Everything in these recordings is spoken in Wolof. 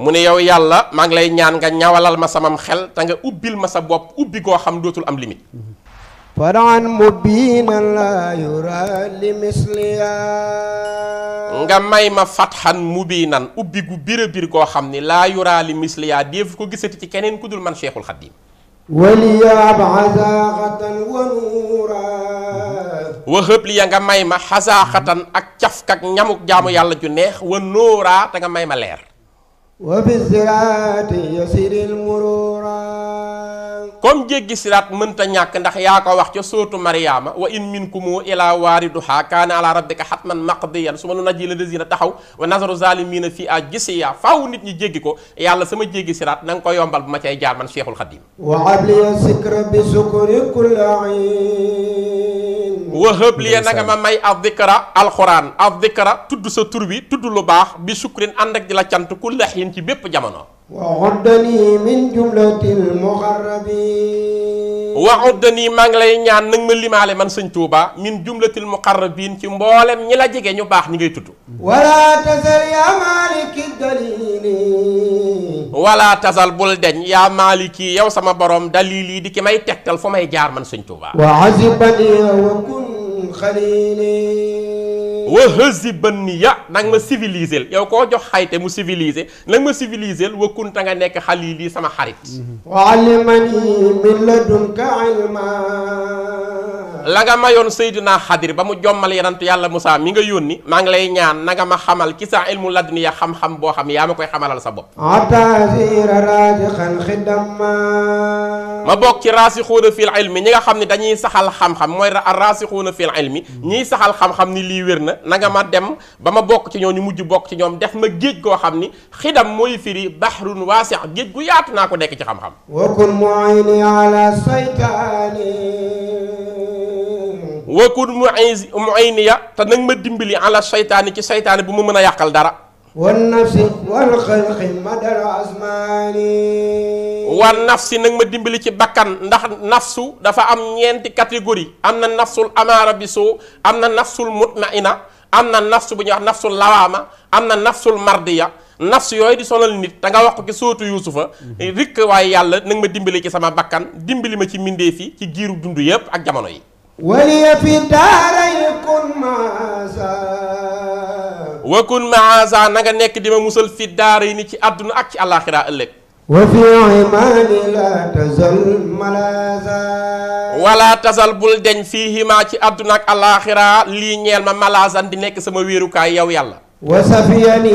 mu ne yow yàlla maa ngi lay ñaan nga ñawalal ma sama xel te nga ubbil ma sa bopp ubbi goo xam dootul am limite faraan mubiina la yura li misliya nga may ma fatxan mubiinan ubbi gu bir a bir goo xam ni laa yura li misliya déef ko gisati ci keneen ku dul man cheikhul xadim waliya xasaaxatan wa nuura wa xëb li ya nga may ma xasaaxatan ak cafkak ñamuk jaamu yàlla ju neex wa nóoraa te nga may ma leer wafi siraati yasiril murura comme jéggi siraat mënta ñàkk ndax yaa ko wax ca sóotu mariama wa in minkumu ila waariduha kaana ala rabbika xatman maqdiyan su ma nu najji la lazina taxaw wa nazaru zalimina fii a jisiya faaw nit ñi jéggi ko yàlla sama jéggi siraat na nga ko yombal bu ma cay jaar man cheikhul xadim wa abliya sikra bi sukuri kullain wahab liya na ma may af dikra alxuraan af dikra tudd sa tur bi tudd lu baax bi sukrin ànd ak di la cant ku laxin ci bépp jamono wa waddani min jumlatil muqarrabin waxudda nii maa ngi lay ñaan nag ma limaale man sëñ Touba min jumlatil muqarrabin ci mboolem ñi la jege ñu baax ñi ngay tudd wala tasal yaa maliki dalili wala tasal bul deñ yaa maliki yow sama borom dalili di ki may tegtal fu may jaar man sëñ Touba wa azibani wa kun xalili wa hëzibanniya nag ma civiliseel yow koo jox xayte mu civilisé nag ma civiliseel wa kunta nga nekk xalil yi sama xarit wa alimani min ladunka ilma la nga ma mayoon Seydina Xadir ba mu jommal yenantu yàlla Moussa mi nga yónni maa ngi lay ñaan na nga ma xamal ci sa ilmu laduniya xam-xam boo xam yaa ma koy xamalal sa bopp ma bokk ci raasixuuna fil ilmi ñi nga xam ne dañuy saxal xam-xam mooy raasixuuna fil ilmi ñiy saxal xam-xam ni lii wér na na nga dem ba ma bokk ci ñoo ñu mujj bokk ci ñoom def ma géej koo xam ni xidam mooy firi bahrun waasi géej gu yaatu naa ko nekk ci xam-xam wakun mu'ayniya te nag ma dimbali ala seytaani ci seytaane bu ma mën a yàqal dara. wan nafsi wal xalqi madara asmaani. wan nag ma dimbali ci bakkan ndax nafsu dafa am ñeenti catégorie am na nafsul amaara bi am na nafsul mutmaina am na nafsu bu ñuy wax nafsul lawaama am na nafsul mardiya nafs yooyu di sonal nit te nga wax ko ci sootu yuusufa mhm. rikk waaye yàlla nag ma dimbali ci sama bakkan dimbali ma ci mbindeef yi ci giiru dund yépp ak jamono yi ولي في الدارين كن معاذا وكن معاذا نغا نيك ديما موسل في ci àdduna ak ci àllaaxira ëllëg وفي deñ فيهما ci àdduna ak àllaaxira lii ñeel ma malaazan di nekk sama wiirukaay yow yàlla wasafiyani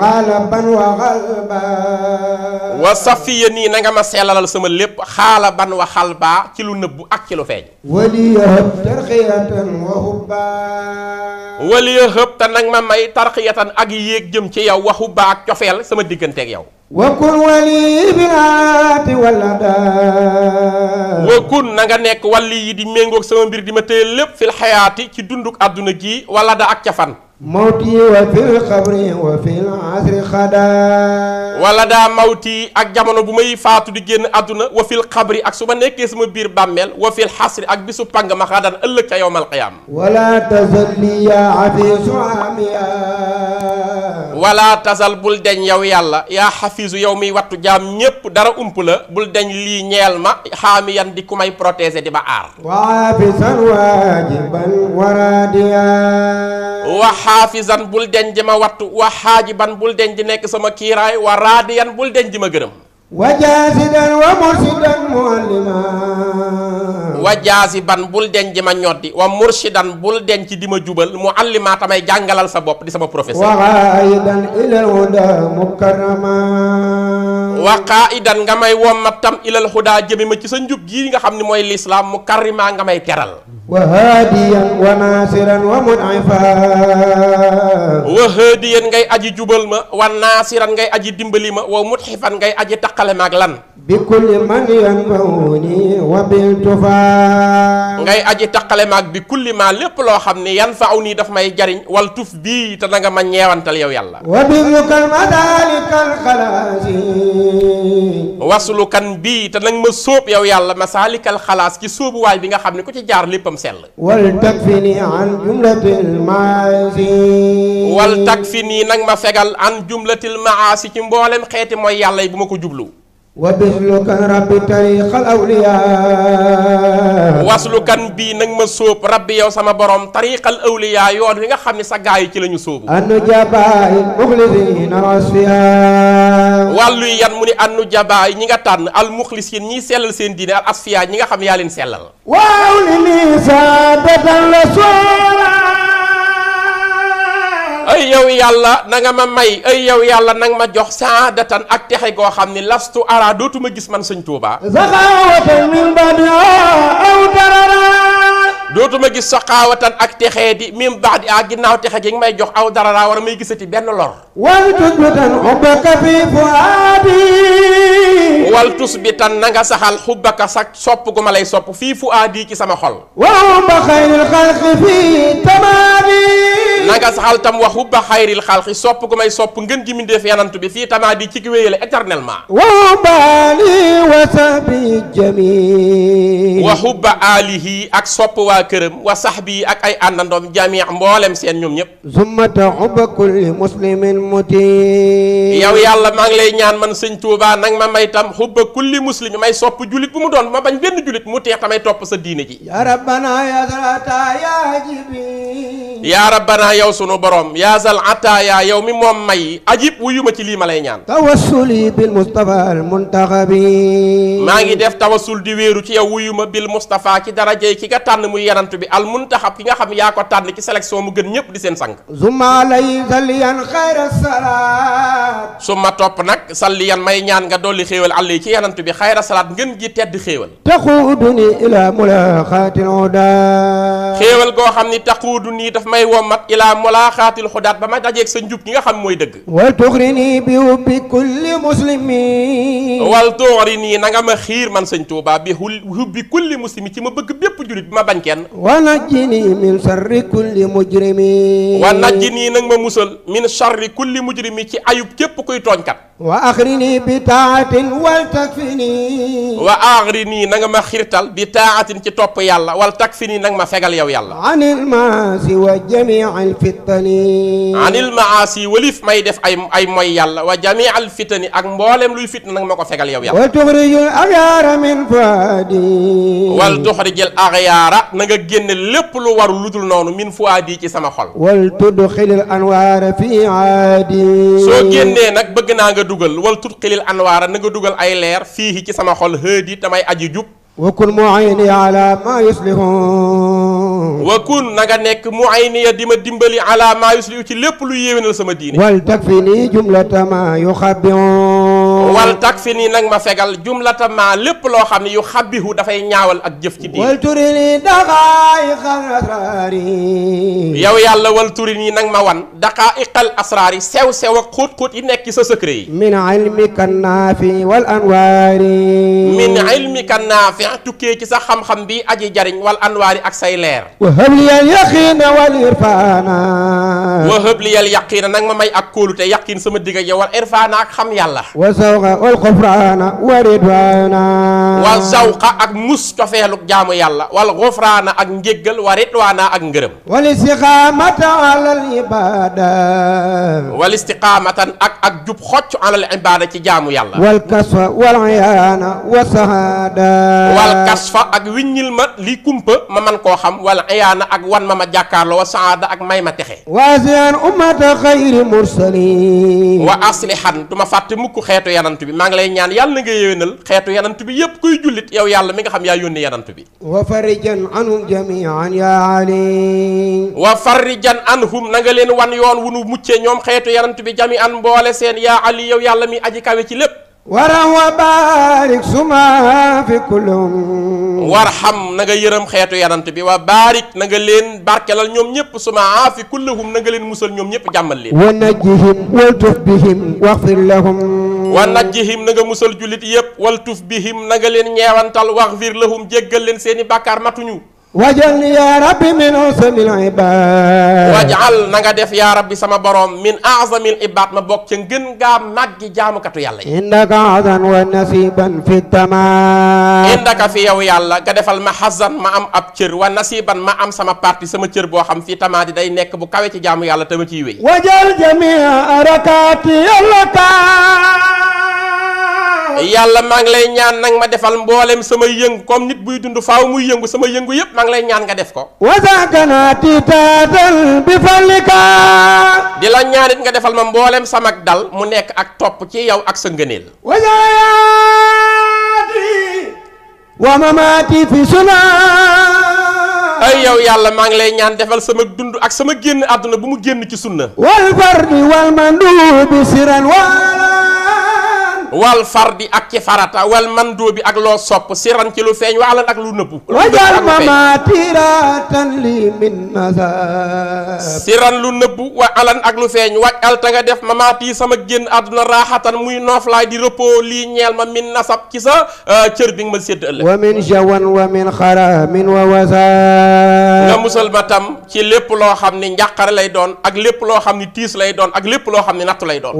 xaalaban wa xalbaa. wasafiyani na ma seelalal sama lépp xaalaban wa xalbaa ci lu nëbbu ak ci lu feeñ. waliyahab tarxiyatan wa te nag ma may tarxiyatan ak yéeg jëm ci yow wa xubbaa ak cofeel sama digganteeg yow. wa kun wali bil aati wal adaa. wa kun na nga nekk wali yi di méngoog sama mbir di ma téye lépp fil xayaati ci dunduk àdduna gi wala da ak cafan. mawti wa fil xabri wa fil asri xadaa wala daa mawti ak jamono bu may faatu di génn àdduna wa fil xabri ak su ma nekkee sama biir bàmmeel wa fil xasri ak bisu pang ma xaadaan ëllëg ca yowmal qiyaama wala tasalli yaa afi suamiya wala tasal bul deñ yow yàlla yaa xafiisu yow miy wattu jaam ñépp dara ump la bul deñ lii ñeel ma xaami yan di ku may protéger di ma aar wa xaafisan bul deñ di ma wattu wa xaajiban bul deñ di nekk sama kiiraay wa raadiyan bul deñ di ma gërëm wa wa mursidan muallima wa jaasiban bul denc di ma ñoddi wa murshidan bul denc di ma jubal mu allima tamay jàngalal sa bopp di sama professeur. wa qaidan nga may wommat tam ilal huda jëme ma ci sa njub yi nga xam ni mooy lislaam mukarrima nga may teral. wa haadiyan wa naasiran wa munifa. wa haadiyan ngay aji jubal ma wa naasiran ngay aji dimbali ma wa mutxifan ngay aji taqale ma lan. bikulli man yanfa'uni wa bil tufa ngay aji taqale maag bi kulli maa lépp loo xam ne nii daf may jariñ wal tuf bii te danga ma ñeewantal yow yàlla wa bii te nag ma sóob yow yàlla masaalikal xalaas ci sóobuwaay bi nga xam ne ku ci jaar léppam sell wal takfini an nii maasi nag ma fegal an jumlatil maasi ci mboolem xeeti mooy yàlla yi bu ma ko jublu wabislukan rabbi tariqal awliyaa waslukan bii nag ma sóob rabbi sama borom tariqal awliyaa yoon wi nga xam ne sa yi ci la ñu sóobu yan mu ni annu jabaay ñi nga tànn al muxlisiin ñiy sellal seen diine al ñi nga xam yaa leen sellal waaw li nii la soola ay yow yàlla na nga ma may ay yow yàlla na ma jox saadatan ak texe goo xam ni lastu ara dootuma gis man sëñ Tuuba dootuma gis saxaawatan ak texee di mim baax di ah ginnaaw texe gi nga may jox aw dararaa war a may gisati benn lor wal tusbitan xubbaka fi fuaadi wal tusbitan na nga saxal xubbaka sa sopp gu ma lay sopp fii fuaadi ci sama xol wa xumba xayril xalqi fi tamaadi nanga saxal tam waxu ba xayril xalqi sopp ko may sopp ngën ji mi def yanantu bi fii tamaa di ci ki wéyale éternellement wa baali wa sahbi jami ak sopp waa këram wa sahbi ak ay àndandoom jami mboolem seen ñoom ñëpp zumata hubba kulli muslimin muti yow yàlla maa ngi lay ñaan man sëñ Tuubaa nag ma may tam hubba kulli muslim may sopp julit bu mu doon ma bañ benn julit mu teex tamay topp sa diine ji ya rabbana ya rabbana yow sunu borom yaa zal ataaya yow mi moom may ajib wuyu ma ci lii ma lay ñaan. tawassuli bil Mustafa al muntaxabi. maa ngi def tawassul di wéeru ci yow wuyu ma bil Mustafa ci darajey ki nga tànn muy yarantu bi al muntaxab ki nga xam yaa ko tànn ci sélection mu gën ñëpp di seen sang. zuma lay salliyan xayra salaat. su ma topp nag salliyan may ñaan nga dolli xéewal àll ci yarantu bi xayra salaat ngeen ji tedd xéewal. taxuuduni nii daf may womat ila mulaaxaatil xudaat ba ma dajeeg sa njub gi nga xam mooy dëgg wal tuxri nii bi hubbi kulli muslimin wal tuxri nii na nga ma xiir man sëñ Tuubaa bi hubbi kulli muslimin ci ma bëgg bépp julit bi ma bañ kenn wa najji nii min charri kulli mujrimin wa najji nii nag ma musal min charri kulli mujrimin ci ayub képp kuy tooñkat wa axri nii bi taatin wal takfi nii wa axri nii na nga ma xiirtal bi taatin ci topp yàlla wal takfi nii na nga ma fegal yow yàlla anil maasi wa jamii fitani anil maasi walif may def ay ay mooy yàlla wa jamii al fitani ak mboolem luy fitna nag ma ko fegal yow yàlla wal tuxrijil axyaara min fuadi wal tuxrijil axyaara na génne lépp lu warul lu dul noonu min fuadi ci sama xol wal tudxilil anwaara fi aadi soo génnee nag bëgg naa nga dugal wal tudxilil anwaara na dugal ay leer fii ci sama xol hëedi tamay aji jub wa kun muayni ala ma yuslihu wa kun na nga nekk mu ay ya di ma dimbali ala maa yusliu ci lépp lu yéwénal sama diine. wal tak fi nii jumlatama yu xabihu. wal tak fi nii nag ma fegal jumlatama lépp loo xam ne yu xabihu dafay ñaawal ak jëf ci diine. wal yow yàlla wal turi nii nag ma wan. daqaa iqal asraari sew sew ak xóot xóot yi nekk ci sa secret yi. min ilmika naafi wal anwaari. min ilmika naafi ci sa xam-xam bi aji jariñ wal anwaari ak say leer. wahab liyal yaqiina wal irfaana wahab liyal yaqiina ma may ak kóolute yaqiin sama digg ak wal irfaana ak xam yàlla wa zawqa wal xufraana wa ridwaana wa zawqa ak mus cofeeluk jaamu yàlla wal xufraana ak njéggal wa ridwaana ak ngërëm wal istiqaamata ak jub xocc alal ibaada ci jaamu yàlla wal kasfa wal ayaana wa sahaada wal kasfa ak wiññil ma li kumpa ma man koo xam wal iyaana ak wan ma ma jàkkaarloo wa ak may ma texe waasian ummata wa aslihan du ma fàtte mukk xeetu yanant bi maa ngi lay ñaan yàlla na nga yéwénal xeetu yanant bi yépp kuy jullit yow yàlla mi nga xam yaa yónni yanant bi wa farijan anhum jamian ya ali wa farijan anhum na nga leen wan yoon wu nu muccee ñoom xeetu yanant bi jamian mboole seen yaa ali yow yàlla mi aji kawe ci lépp waram wa baarik suma fi kullum warham na nga yërëm xeetu yanant bi wa baarik na nga leen barkelal ñoom ñëpp suma fi kullahum na nga leen musal ñoom ñëpp jàmmal leen wa najjihim wal tuf bihim waxfir lahum wa najjihim na nga musal jullit yëpp wal tuf bihim na nga leen ñeewantal waxfir lahum jéggal leen seeni bàkkaar matuñu wajalni yaa rabbi min azamil ibaad wajal na nga def yaa rabbi sama borom min azamil ibaad ma bokk ca ngën ngaa màggi jaamukatu yàlla yi indaka azan wa nasiban fi tamaam indaka fi yow yàlla nga defal ma xasan ma am ab cër wa nasiban ma am sama parti sama cër boo xam fii tamaa di day nekk bu kawe ci jaamu yàlla tama ciy wéy wajal jamia arakaati yàlla kaa yàlla maa ngi lay ñaan nag ma defal mboolem sama yëngu comme nit buy dund faaw mu yëngu sama yëngu yëpp maa ngi lay ñaan nga def ko bi fallika di la ñaan nga defal ma mboolem sama dal mu nekk ak topp ci yow ak sa ngëneel wa mamaati fi suna ay yow yàlla maa ngi lay ñaan defal sama dund ak sama génn àdduna bu mu génn ci sunna wal fardi wal mandu bi siran wala wal fardi ak ci farata wal mandoo bi ak loo sopp siran ci lu feeñ waalan ak lu nëbbu wajal mamatiratan li min nasab siran lu nëbbu wa alan ak lu feeñ wajal ta nga def mamaati sama génn àdduna raaxatan muy nooflaay di repos lii ñeel ma min nasab ci sa euh, cër bi nga ma sédd ëllëg wa min jawan wa min xaramin wa wasa nga musal ma ci lépp loo xam ni njàqare lay doon ak lépp loo xam ni tiis lay doon ak lépp loo xam ni nattu lay doon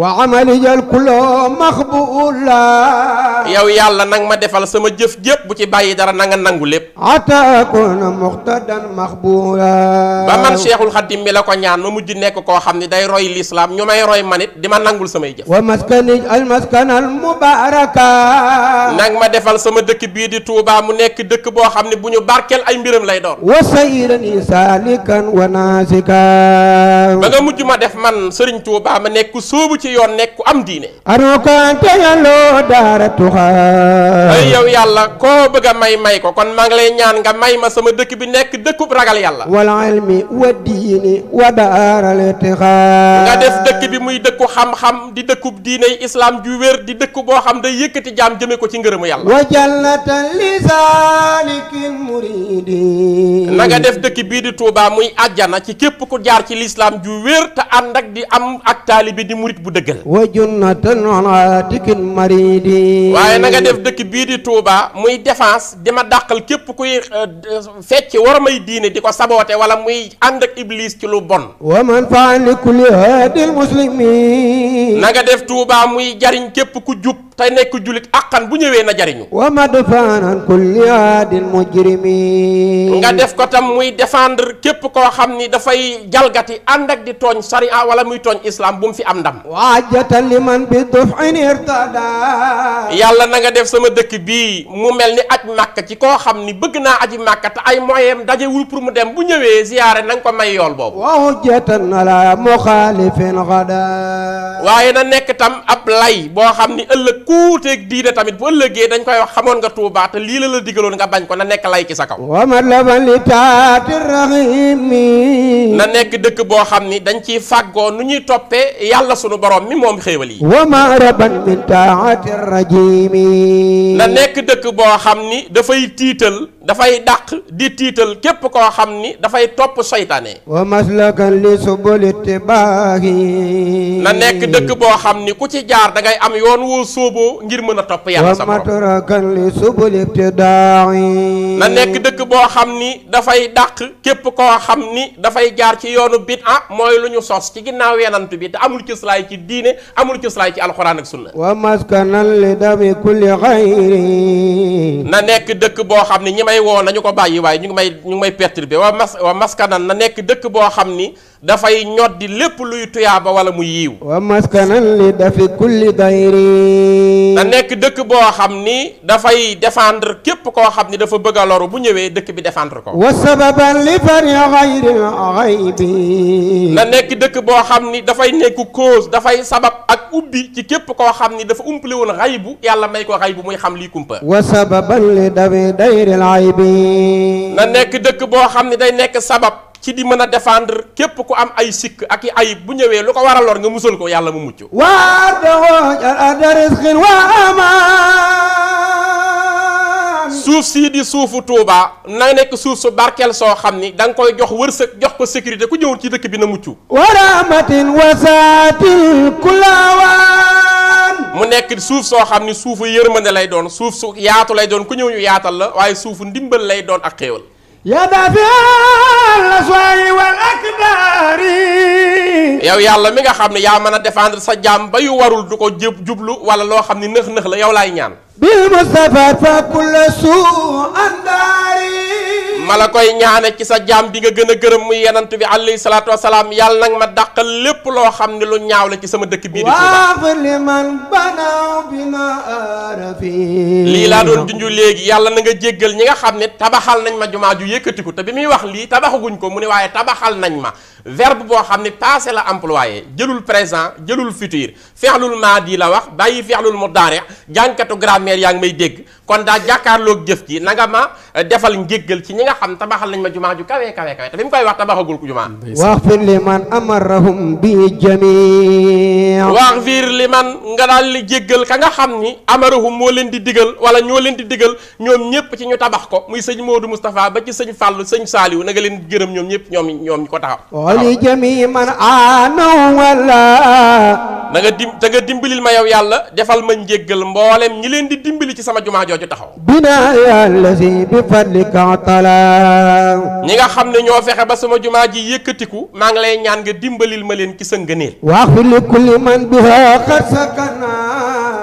yow yàlla nang ma defal sama jëf jëpp bu ci bàyyi dara na nangu lépp atakuna muqtadan mahbula ba man cheikhul xadim mi la ko ñaan ma mujj nekk koo xam ni day roy lislaam ñu may roy manit di ma nangul samay jëf wa maskani al maskan al mubaraka nang ma defal sama dëkk bii di Touba mu nekk dëkk boo xam ne bu ñu barkeel ay mbiram lay doon wa sayrani salikan wa nasika ba nga mujj ma def man sëriñ Touba ma nekk sóobu ci yoon nekk ku am diine loo daara tuxaa ay yow yàlla koo bëgg a may may ko kon maa ngi lay ñaan nga may ma sama dëkk bi nekk dëkkub ragal yàlla wal ilmi wa diini wa daaral itixaa nga def dëkk bi muy dëkku xam-xam di dëkkub diiney islaam ju wér di dëkk boo xam day yëkkati jaam jëme ko ci ngërëmu yàlla wa jannatan li na nga def dëkk bii di Tuubaa muy àjjana ci képp ku jaar ci lislaam ju wér te ànd ak di am ak taalibi di murit bu dëggal maridi waaye na def dëkk bii di Touba muy défense di ma dàqal képp kuy euh, fecc war may diine di ko saboote wala muy ànd ak iblis ci lu bon wa man faan li kulli hadil muslimin na nga def Touba muy jariñ képp ku jub te nekk julit àqan bu ñëwee na jariñu wa madfaanan kulli hadil mujrimin nga def ko tam muy défendre képp koo xam ni dafay jalgati ànd ak di tooñ sariya wala muy tooñ islam bu mu fi am ndam yàlla na nga def sama dëkk bii mu mel ni aj màkk ci koo xam ni bëgg naa aj màkk te ay moyem dajewul pour mu dem bu ñëwee ziyaare na nga ko may yool boobu waaye na nekk tam ab lay boo xam ni ëllëg kuuteeg diine tamit bu ëllëgee dañ koy wax xamoon nga Tuubaa te lii la la digaloon nga bañ ko na nekk lay ci sa kaw na nekk dëkk boo xam ni dañ ciy fàggoo nu ñuy toppee yàlla sunu borom mi moom xéewal yi taati rajim na nekk dëkk boo xam ni dafay tiital dafay dàq di tiital képp koo xam ni dafay topp seytaane wa maslakan li subul ittibaahi na nekk dëkk boo xam ni ku ci jaar da ngay am yoon woo sóoboo ngir mën a topp yàlla sa borom wa dëkk boo xam ni dafay dàq képp koo xam ni dafay jaar ci yoonu bid'a mooy lu ñu sos ci ginnaaw yenant bi te amul cëslaay ci diine amul cëslaay ci alxuraan ak sunna wa maskanan li dami kulli xayri na nekk dëkk boo xam ni ñi may woo nañu ko bàyyi waaye ñu ngi may ñu ngi may perturbé wa mas wa maskanan na nekk dëkk boo xam ni dafay ñoddi lépp luy tuyaaba wala mu yiiw wa maskanan li dafi kulli dayri da nekk dëkk boo xam ni dafay défendre képp koo xam ni dafa bëgg a loru bu ñëwee dëkk bi défendre ko wa sababan li fari xayril xaybi da nekk dëkk boo xam ni dafay nekk cause dafay sabab ak ubbi ci képp koo xam ni dafa umpale woon xaybu yàlla may ko xaybu muy xam lii kumpa wa sababan li dafi dayril xaybi na nekk dëkk boo xam ni day nekk sabab ci di mën a défendre képp ku am ay sikk ak i ayib bu ñëwee lu ko war a lor nga musal ko yàlla mu mucc suuf sii di suufu Touba na nekk suuf su barkeel soo xam ni danga koy jox wërsëg jox ko sécurité ku ñëwul ci dëkk bi na mucc waa rahmatin wasaatil kulawaan mu nekk suuf soo xam ni suufu yërmande lay doon suuf su yaatu lay doon ku ñëw ñu yaatal la waaye suufu ndimbal lay doon ak xéewal yaa daafi'al aswaa'i wal akdaari yow yàlla mi nga xam ne yaa mën a defendre sa jaam ba yu warul du ko jub jublu wala loo xam ne nëx-nëx la yow laay ñaan بالمصطفى فكل سوء داري ma la koy ñaane ci sa jaam bi nga gën a gërëm mu yenant bi alayhi salaatu wasalaam yàlla nag ma dàqal lépp loo xam ne lu ñaaw la ci sama dëkk bii di Tuuba liman banaw bi ma arafi lii laa doon junj léegi yàlla na nga jéggal ñi nga xam ne tabaxal nañ ma jumaa ju yëkkatiku te bi muy wax lii tabaxaguñ ko mu ni waaye tabaxal nañ ma verbe boo xam ne passé la employé jëlul présent jëlul futur fi'lul maadi la wax bàyyi fi'lul mudaari jànkatu grammaire yaa ngi may dégg kon daa jàkkaarloog jëf ji na nga ma eh, defal njéggal ci ñi nga xam tabaxal nañ ma jumaa ju kawe kawe kawe te fi mu koy wax tabaxagul ku jumaa waxfir li man amarahum bi jami waxfir li man nga daal li jéggal ka nga xam ni amarahum moo leen di digal wala ñoo leen di digal ñoom ñëpp ci ñu tabax ko muy sëñ Modou Moustapha ba ci sëñ Fallou sëñ Saliou na leen gërëm ñoom ñëpp ñoom ñoom ko wali jami man aanaw wala na nga dim te nga dimbalil ma yow yàlla defal ma njéggal mboolem ñi leen di dimbali ci sama jumaa jooju taxaw bina yàlla si bi fadlika tala ñi nga xam ne ñoo fexe ba sama jumaa ji yëkkatiku maa ngi lay ñaan nga dimbalil ma leen ci sa ngëneel wax li kulli man biha xat sakana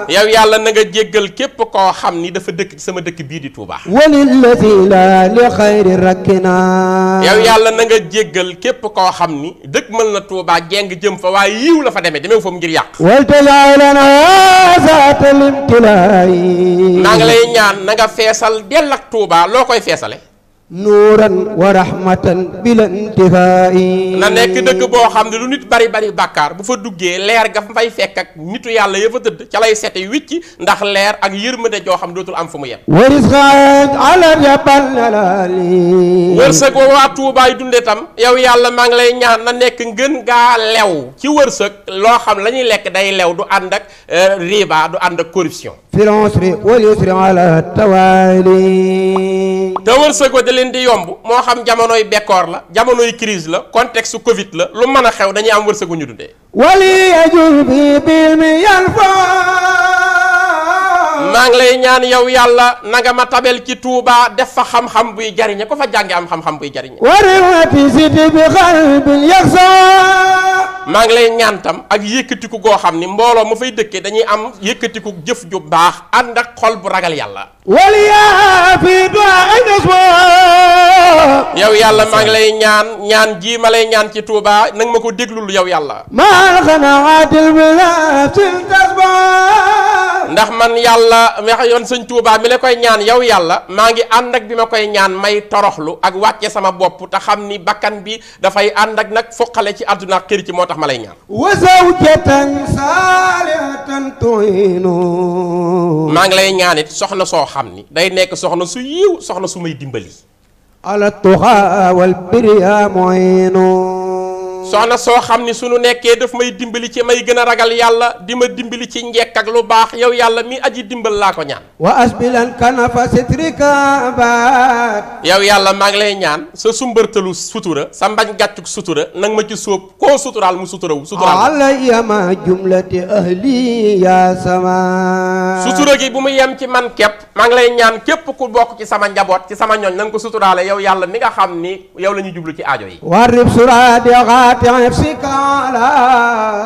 yow yàlla nanga jéggal képp koo xam ni dafa dëkk sama dëkk bii di Touba. walillati la li xayri rakkina. yow yàlla na nga jéggal képp koo xam ni dëkk mën na Touba jeng jëm fa waaye yiw la fa demee demeewu fa mu ngir yàq. maa ngi lay ñaan na feesal dell ak Touba loo koy feesale nuuran wa rahmatan bila intihaai na nekk dëkk boo xam ne lu nit bari bari bàkkaar bu fa duggee leer ga fay fekk ak nitu yàlla ya fa tëdd ca lay sete wicci ndax leer ak yërmande joo xam dootul am fu mu yem wa risqan a jabal nalaali wërsëg wa waa tuubaay dundee tam yow yàlla maa ngi lay ñaan na nekk ngën gaa lew ci wërsëg loo xam lañuy lekk day lew du ànd ak euh, riba du ànd ak corruption fil usri wal yusri ala tawaali te leen di yomb moo xam jamonoy bekkoor la jamonoy crise la contexte Covid la lu mën a xew dañuy am wërsëgu ñu wali ajul bi bil mi yan fa maa ngi lay ñaan yow yàlla na nga ma tabel ci Touba def fa xam-xam buy jariñe ko fa jànge am xam-xam buy jariñe maa ngi lay ñaantam ak yëkkatiku goo xam ni mbooloo ma fay dëkkee dañuy am yëkkatiku jëf ju baax ànd ak xol bu ragal yàlla yow yàlla maa ngi lay ñaan ñaan ji ma lay ñaan ci tuubaa nang ma ko déglul yow yàlla. ndax man yàlla wax yoon sëñ Touba mi la koy ñaan yow yàlla maa ngi ànd ak bi ma koy ñaan may toroxlu ak wàcce sama bopp te xam ni bakkan bi dafay ànd ak nag foqale ci àdduna kër ci moo tax ma lay ñaan. maa ngi lay ñaan it soxna soo xam ni day nekk soxna su yiw soxna su may dimbali. على الطغى والبريا معين soxna soo xam ni suñu nekkee daf may dimbali ci may gën a ragal yàlla di ma dimbali ci njekk ak lu baax yow yàlla mi aji dimbali laa ko ñaan wa asbilan kanafa sitrika baat yow yàlla maa ngi lay ñaan sa sumbartalu sutura sa mbañ gàccuk sutura nag ma ci sóob koo suturaal mu suturawu suturaal alayya ma jumlati ahli ya sama sutura bu mu yem ci man képp maa ngi lay ñaan képp ku bokk ci sama njaboot ci sama ñooñ na ko suturaale yow yàlla mi nga xam ni yow la ñuy jublu ci aajo yi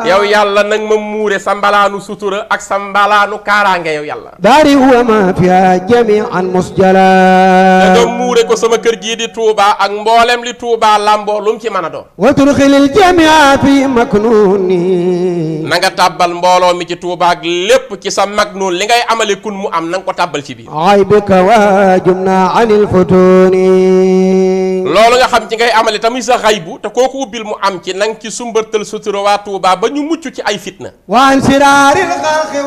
yow yàlla nag ma muure sa mbalaanu sutura ak sa mbalaanu kaaraange yow yàlla. daari huwa ma fiha jamian musjala. nga muure ko sama kër gii di Touba ak mboolem li Touba lamboo lu mu ci mën a doon. wa turxilil jamia fi maknuni. na nga tàbbal mbooloo mi ci Touba ak lépp ci sa maknun li ngay amale kun mu am na nga ko tàbbal ci biir. ay bika wa jumna anil futuni. loolu nga xam ci ngay amale tamuy sa xaybu te kooku ubbil mu am. ci nang ci sumbartal sutura waa Tuuba ba ñu mucc ci ay fitna waan siraaril xalqi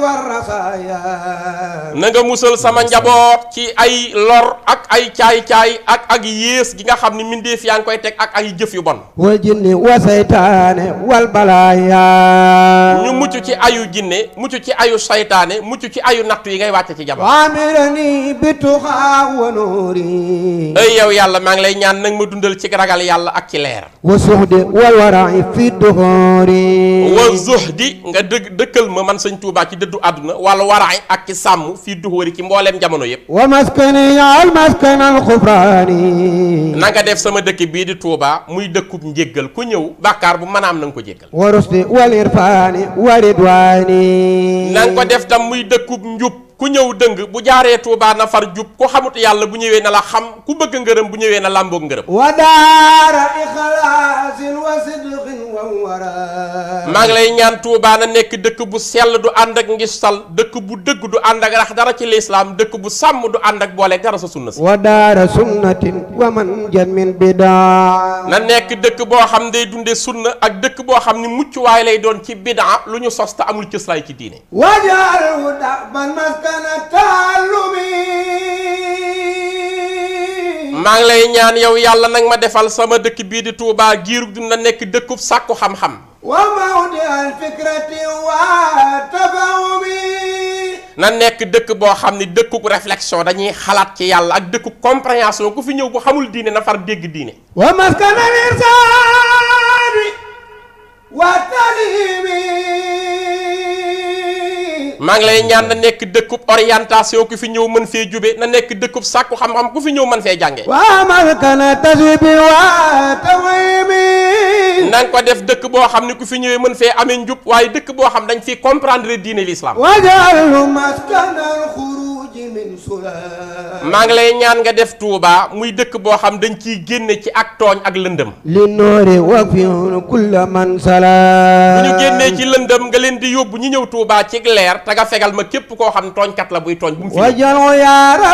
musal sama njaboot ci ay lor ak ay caay-caay ak ak yées gi nga xam ne mindeef yaa ngi koy teg ak ay jëf yu bon wal jinni wa saytaane wal ñu mucc ci ayu jinne mucc ci ayu seytaane mucc ci ayu nattu yi ngay wàcce ci jabar waamirani bi tuxaa wa nuuri ay yow yàlla maa ngi lay ñaan nag ma dundal ci ragal yàlla ak ci leer wa suxde wal waraay fi duxoori wa di nga dëgg dëkkal ma man sëñ Tuubaa ci dëddu àdduna wala waraay ak ci sàmm fii duxóori ci mbooleem jamono yëpp wa maskani al maskan al xufraani na nga def sama dëkk bii di Tuubaa muy dëkkub njéggal ku ñëw bàkkaar bu manaam na ko jéggal wa rusdi wal irfaani wa ridwaani na ko def tam muy dëkkub njub ku ñëw dëng bu jaaree Touba na far jub ku xamut yàlla bu ñëwee na la xam ku bëgg ngërëm bu ñëwee na làmboog ngërëm wadaara ixlaasin wa sidqin wa wara maa ngi lay ñaan Touba na nekk dëkk bu sell du ànd ak sal dëkk bu dëgg du ànd ak rax dara ci lislaam dëkk bu sàmm du ànd ak boole dara sa sunna si wadaara sunnatin wa man jamin bidaa na nekk dëkk boo xam day dunde sunna ak dëkk boo xam ni mucc waay lay doon ci bidaa lu ñu sos te amul cëslaay ci مكان تعلمي maa ngi lay ñaan yow yàlla nag ma defal sama dëkk bii di Touba giiru dina nekk dëkkub sàkku xam-xam. na nekk dëkk boo xam ne dëkkub réflexion dañuy xalaat ci yàlla ak dëkkub compréhension ku fi ñëw bu xamul diine na far dégg diine. wa maskanal insaani wa talimi maa ngi lay ñaan na nekk dëkku orientation ku fi ñëw mën fee jube na nekk dëkku sàkku xam-xam ku fi ñëw mën fee jànge waa man kana tasbi wa tawimi na nga ko def dëkk boo xam ne ku fi ñëwee mën fee amee njub waaye dëkk boo xam dañ fi comprendre diine l'islam wajalhu maa ngi lay ñaan nga def Touba muy dëkk boo xam dañ ciy génne ci ak tooñ ak lëndëm. li noore wa fi kulla man salaam. bu ñu génnee ci lëndëm nga leen di yóbbu ñu ñëw Touba ci leer te nga fegal ma képp koo xam tooñkat la buy tooñ. bu mu fi wajal yaa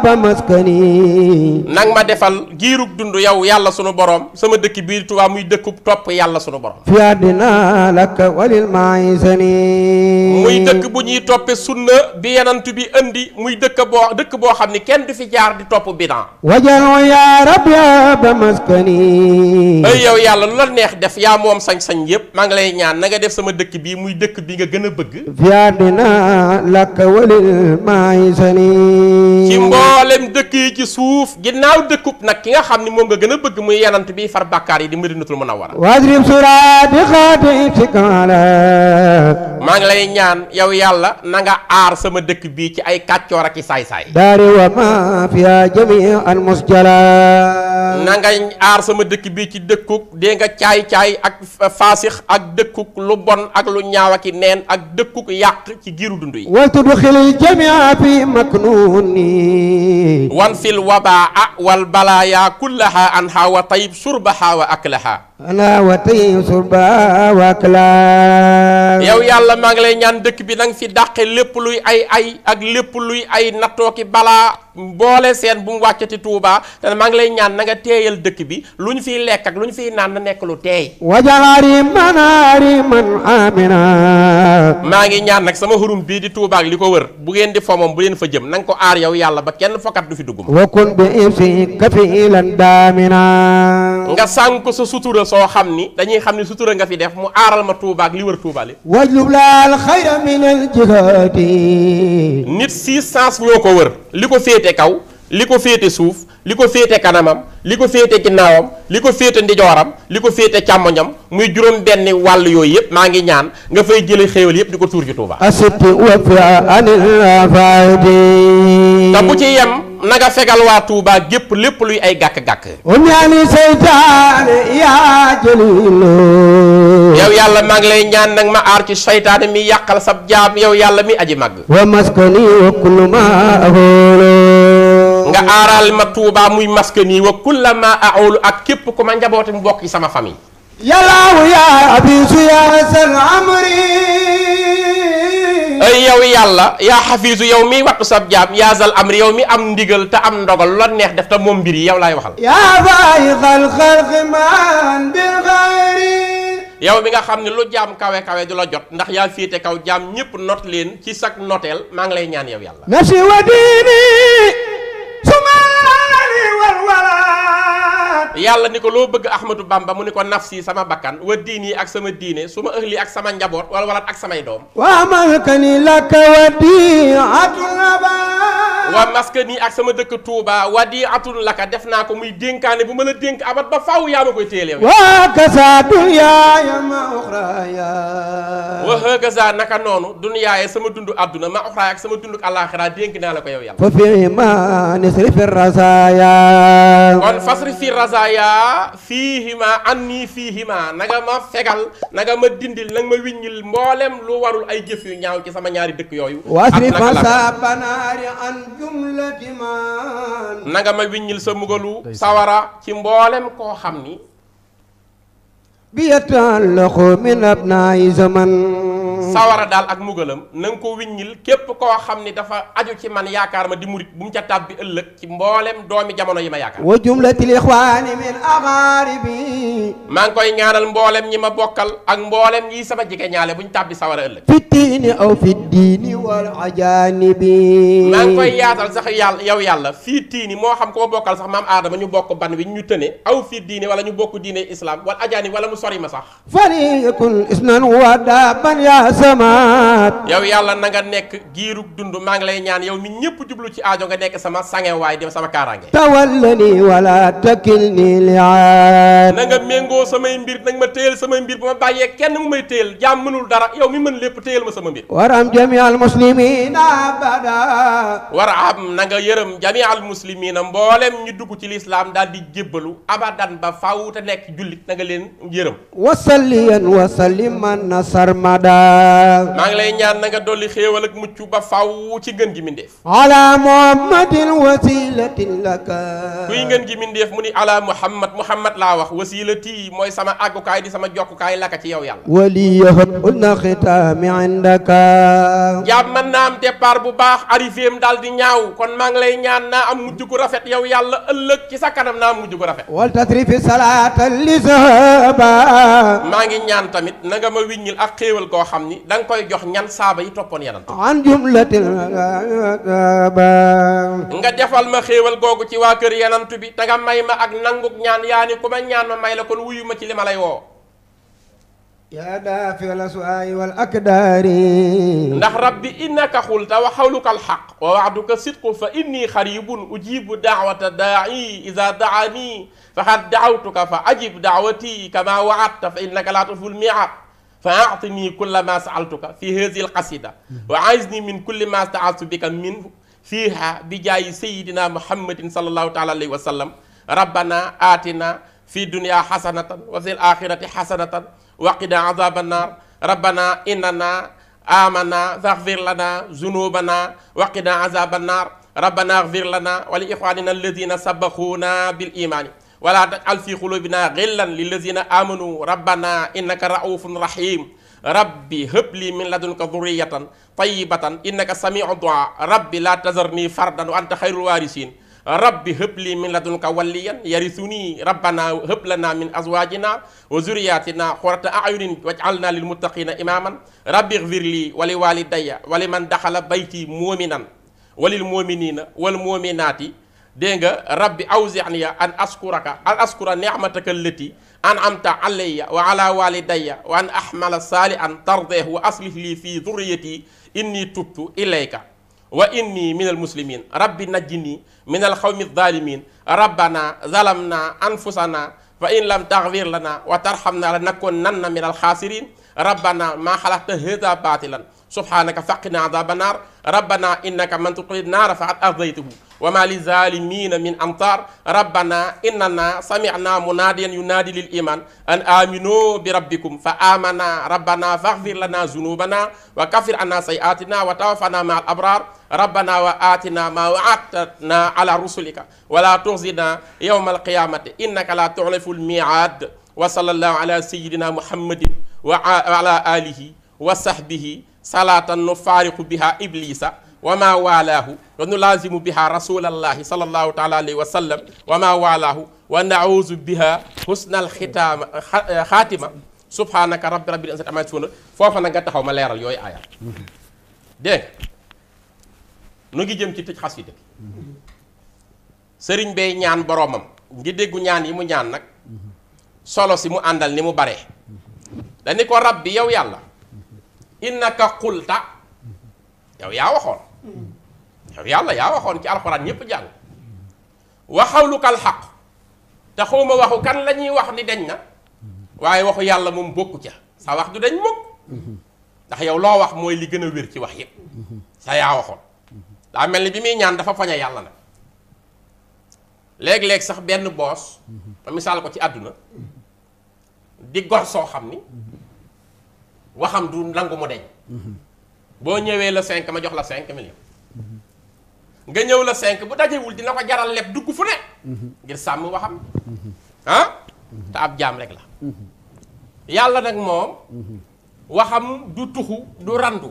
ba maskani. nag ma defal giirug dund yow yàlla sunu borom sama dëkk biir Touba muy dëkkub topp yàlla sunu borom. fi àddina laka walil maisani. muy dëkk bu ñuy toppee sunna bi yenantu bi andi muy xam ni kenn du fi jaar di topp bidan wajaw ya rab ya ba maskani ay yow yàlla lu la neex def yaa moom sañ-sañ yëpp maa ngi lay ñaan na nga def sama dëkk bii muy dëkk bi nga gën a bëgg fiadina lakk walil maay sani ci mboolem dëkk yi ci suuf ginnaaw dëkkub nag ki nga xam ni moom nga gën a bëgg muy yenant bi far bàkkaar yi di madinatul munawwara wasrib suraati xaati sikala maa ngi lay ñaan yow yàlla nanga aar sama dëkk bii ci ay kàccoor ak i saay-saay وما فيها جميعا مسجلا na ngay aar sama dëkk bi ci dëkkuk dee nga caay-caay ak faasix ak dëkkuk lu bon ak lu ñaaw aki neen ak dëkkuk yàq ci giiru dund yi wal tudxilil jamia fi maknuni wan fil wabaa wal balaaya kullaha anha wa tayib surbaha wa aklaha ana watay surba wakla yow yàlla maa ngi lay ñaan dëkk bi na nga fi dàqe lépp luy ay ay ak lépp luy ay nattooki balaa boole seen bu mu wàccati Tuuba te maa ngi lay ñaan nanga nga teeyal dëkk bi lu ñu fiy lekk ak lu ñu fiy naan na nekk lu teey wajaari manaari man amina maa ngi ñaan nag sama xurum bii di Tuuba ak li ko wër bu ngeen di fomoom bu leen fa jëm na ko aar yow yàlla ba kenn fokkat du fi dugg ma wakun bi ibsi kafilan daamina soo xam ni dañuy xam ni sutura nga fi def mu aaral ma tuubaak li wër Touba li wajlub laal xayra min al jihaati nit six sens ñoo ko wër li ko féete kaw li ko féete suuf li ko féete kanamam li ko féete ginnaawam li ko féete ndijooram li ko féete càmmoñam muy juróom benn wàll yooyu yëpp maa ngi ñaan nga fay jële xéewal yëpp di ko tuur ci Touba. asiti wa fa anil faidi te bu ci yem na nga fegal waa Touba gépp lépp luy ay gàkk-gàkk. ñaani seytaane yaa jëliloo. yow yàlla maa ngi lay ñaan nag ma aar ci seytaane mi yàqal sab jaam yow yàlla mi aji mag. wa maskani wa kullu ma ahooloo. nga aaral ma Touba muy maskani wa kullu ma ahoolu ak képp ku ma njaboote mu bokk ci sama famille. yàllaawu yaa abisu yaa sal amri. ay yow yàlla yaa xafiisu yow miy wattu sab jaam yaa zal amri yow mi am ndigal te am ndogal lu la neex def te moom mbir yi yow laay waxal yow mi nga xam ne lu jaam kawe kawe du la jot ndax yaa féete kaw jaam ñëpp not leen ci sag noteel maa ngi lay ñaan yow yàlla yàlla ni ko loo bëgg Ahmadou Bamba mu ni ko nafsi sama bakkan wa diini ak sama diine su ma ëhli ak sama njaboot wala wala ak samay doom. wa amal kani laka wa diatul abaa wa nii ak sama dëkk Touba wadi'atun laka def naa ko muy dénkaane bu ma la dénk abat ba faw yaa ma koy téel yow. wa kaza ma uxraaya. wa kaza naka noonu dunyaaya sama dundu àdduna ma ak sama dundu àllaaxira dénk naa la ko yow yàlla. fa fii ma nisrifi razaaya. kon fasri fi razaaya fiihima anni fiihima naga ma fegal naga ma dindil naga ma wiññil mboolem lu warul ay jëf yu ñaaw ci sama ñaari dëkk yooyu. ak naka la jumlati man na nga ma wiññil sa mbugalu sawara ci mboolem koo xam ni bi yataallaqu min abnaa'i zaman sawara daal ak mbugalam na nga ko wiññil képp koo xam ni dafa aju ci man yaakaar ma di murit bu mu ca tàbbi ëllëg ci mbooleem doomi jamono yi ma yaakaar wa jumlatil ixwaani min amaaribi maa ngi koy ñaanal mboolem ñi ma bokkal ak mboolem yi sama jege ñaale bu ñu tàbbi sawara ëllëg fi diini aw fi diini wal ajaanibi maa ngi koy yaatal sax yàlla yow yàlla fii tiini moo xam koo bokkal sax maam aadama ñu bokk ban wi ñu tëne aw fii diini wala ñu bokk diine islam wal ajaanib wala mu sori ma sax samaat yow yàlla na nekk giirug dund maa ngi lay ñaan yow mi ñëpp jublu ci aajo nga nekk sama sangewaay dem sama kaaraange tawallani wala takilni li na nga méngoo samay mbir nag ma téyel samay mbir ba ma bàyyee kenn mu may téyel jaam mënul dara yow mi mën lépp téyel ma sama mbir waram jami al muslimina abada waram na nga yërëm jami al muslimina mboolem ñu dugg ci lislaam daal di jébbalu abadan ba faaw te nekk jullit na leen yërëm wasalliyan maa ngi lay ñaan na nga dolli xéewal ak mucc ba faw ci ngën gi mindeef ala muhammadin wasilatin laka kuy ngën gi mindeef mu ni ala muhammad muhammad laa wax wasilati mooy sama àggukaay di sama jokkukaay laka ci yow yàlla waliyaxul na xitaami indaka jaab mën naa am départ bu baax arrivé am daal di ñaaw kon maa ngi lay ñaan naa am mujj gu rafet yow yàlla ëllëg ci sa kanam naa am mujj gu rafet wal tasrifi salaata li sahaba maa ngi ñaan tamit na ma wiññil ak xéewal koo xam ni danga koy jox ñan saaba yi toppoon yanant an nga defal ma xéewal googu ci waa kër yanant bi te nga may ma ak nanguk ñaan yaa ni ku ma ñaan ma may la kon wuyu ma ci li ma lay woo yaa daafi la suwaay wal akdaari ndax rabbi innaka xulta wa xawluka alxaq wa waxduka sidqu fa inni xaribun ujibu daawata daai ida daani faxad daawtuka fa ajib daawati kama waadta fa innaka laa tuful miaat fa atini kulla ma saaltuka fi hadhihi alqasida wa aizni min kulli ma staastu bika min fiha bi jaayi sayidina muhammadin sallallahu taala alayhi wa sallam rabbana atina fi dunya xasanatan wa fi alaxirati xasanatan wa qina azaba annar rabbana innana amana faxfir lana zunubana wa qina azaba annar rabbana axfir lana wa li ixwanina alladina sabaxuna bil imani wala tajal fi xulubina xillan lillazina amanu rabbana innaka raufun rahim rabbi hëbli min ladunka dhurriyatan tayyibatan innaka samiu du'a rabbi la tazarni fardan wa anta xayrul waarisin rabbi hëbli min ladunka walliyan yarisuni rabbana hëb lana min azwajina wa zuriyatina xurata ayunin waj'alna lil muttaqina imaman rabbi ighfirli wa li walidayya wa liman daxala bayti muminan wa lil muminina wal muminaati dégg nga rabbi awzi'ni an askuraka an askura ni'mataka allati an'amta alayya wa ala walidayya wa an ahmala salihan tardahu wa aslih li fi dhurriyyati inni tubtu ilayka wa inni minal muslimin rabbi najjini minal xawmi zalimin rabbana zalamna anfusana fa in lam taxfir lana wa tarxamna lanakunanna minal xaasirin rabbana maa xalaqta haada baatilan subhanaka faqina adaba naar rabbana innaka man tudxili naara faqad ardaytahu wa ma li zalimina min amtar rabbana innana sami'na munadiyan yunadi lil iman an aminu bi rabbikum fa amana rabbana faghfir lana zunubana wa kafir anna sayiatina wa tawaffana ma al abrar rabbana wa atina ma wa'adtana ala rusulika wa la tukhzina yawma al qiyamati innaka la tukhlifu al mi'ad wa sallallahu ala sayyidina muhammadin wa ala alihi wa sahbihi salatan nufaariqu biha iblisa wa ma walaahu wa nulazimu biha rasulallahi sallallahu taala alayhi wa sallam wa ma wa nauzu biha husna alxitaama xaatima eh, subhanaka rabbi rabbil izzati amma nga taxaw ma leeral yooyu aaya ngi jëm ci tëj ñaan boroomam ngi déggu ñaan yi mu ñaan nag solo si mu àndal ni mu bare dani ko rab bi yow yàlla innaka qulta yow yaa waxoon yow yàlla yaa waxoon ci alxuraan ñëpp jàng waxawlukal xaq te xawma waxu kan lañuy wax ni deñ na waaye waxu yàlla moom bokk ca sa wax du dañ mukk ndax yow loo wax mooy li gën a wér ci wax yëpp sa yaa waxoon daa mel ni bi muy ñaan dafa faña yàlla nag léeg-léeg sax benn boos ma misaal ko ci àdduna di gor soo xam ni waxam du nangu mu deñ boo ñëwee la 5 ma jox la 5 millions nga ñëw la 5 bu dajewul dina ko jaral leb dugg fu ne. ngir sàmm waxam. ah te ab jaam rek la. yàlla nag moom. waxam du tuxu du randu.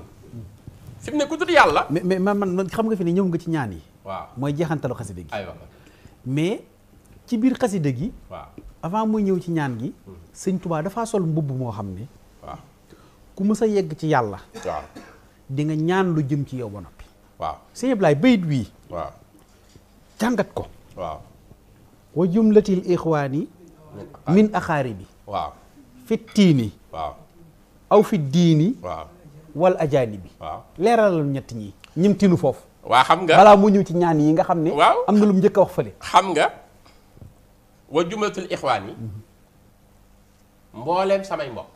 fi ne ku yàlla. mais mais man man xam nga fi ne ñëw nga ci ñaan yi. waaw mooy jeexantalu xasida gi. mais ci biir xasida gi. waaw avant muy ñëw ci ñaan gi. Hmm. sëñ Tuubaa dafaa sol mbubb moo xam ne. waaw ku mës a yegg ci yàlla. dinga ñaan lu jëm ci yow ba noppi. waaw sëñ Ablaye wii. jàngat ko. waaw. wa jumlatil ixwaani. min axaari bi. waaw fi tiini. waaw aw fi wal ajaani bi. waaw leeralal ñett ñi ñim tinu foofu. waa xam nga balaa mu ñëw ci ñaan yi nga xam ne. waaw am na lu mu njëkk a wax fële. xam nga wa jumlatul ixwaan yi mbooleem samay mbokk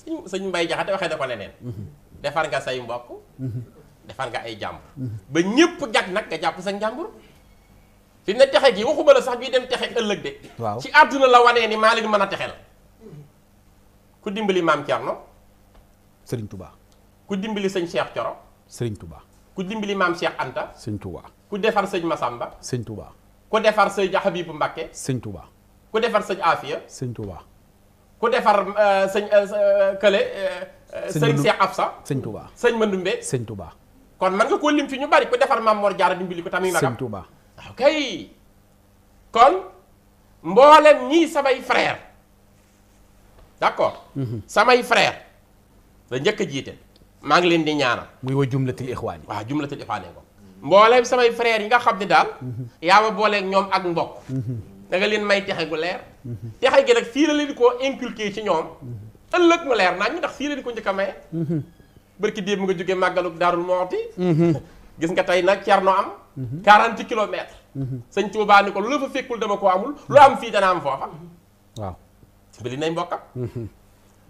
sëñ sëñ Mbay Jaxate waxee na ko leneen. Mhm. defar nga say mbokk mhm. defar nga ay jàmbur ba ñëpp jag nag nga jàpp sa njàmbur fi mu ne texe gi waxuma la sax ñuy dem texe ëllëg de waaw ci àdduna la wanee ni maa leen mën a texe la ku dimbali maam Thierno sëriñ Touba ku dimbali sëñ Cheikh Thioro sëriñ Touba ku dimbali maam Cheikh Anta sëñ Touba ku defar sëñ Massamba sëñ Touba ku defar sëñ Habibu Mbakke sëñ Touba ku defar sëñ Afia sëñ Touba ku defar euh, sëñ euh, euh, kële sëñ ab Absa sëñ Touba sëñ Mandoumbe sëñ Touba kon man nga koo lim fi ñu bari ku defar Maam jaar Jaara dimbali ko tamit magam sëñ Touba ok kon mboolem ñii samay frère d'accord mhm. samay frère da njëkk a jiite maa ngi leen di ñaana muy wa jumlatil ixwaan yi waaw jumlatil ixwaan yi ko mboolem samay frère yi nga xam ni daal mhm. yaa ma booleeg ñoom ak mbokk mhm. da leen may texe gu leer texe gi nag fii la leen koo inculqué ci ñoom ëllëg mu leer naa ñu ndax fii la di ko njëkk a maye. Mhm. barki démb nga jóge màggalug daarul mooti. Mhm. gis nga tey nag Cerno am. 40 mhm. kilomètres. sëñ Tuubaa ko lu la fa fekkul dama ko amul lu am fii dana am foofa. waaw bili nañ mbokkam.